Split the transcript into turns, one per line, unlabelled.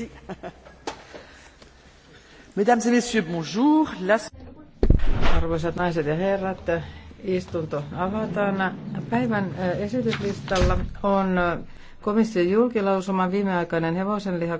Mesdames et messieurs, bonjour. La... Arvoisat naiset ja herrat, istunto avataan. Päivän äh, esityslistalla on äh, komission julkilausuma viimeaikainen hevosenliha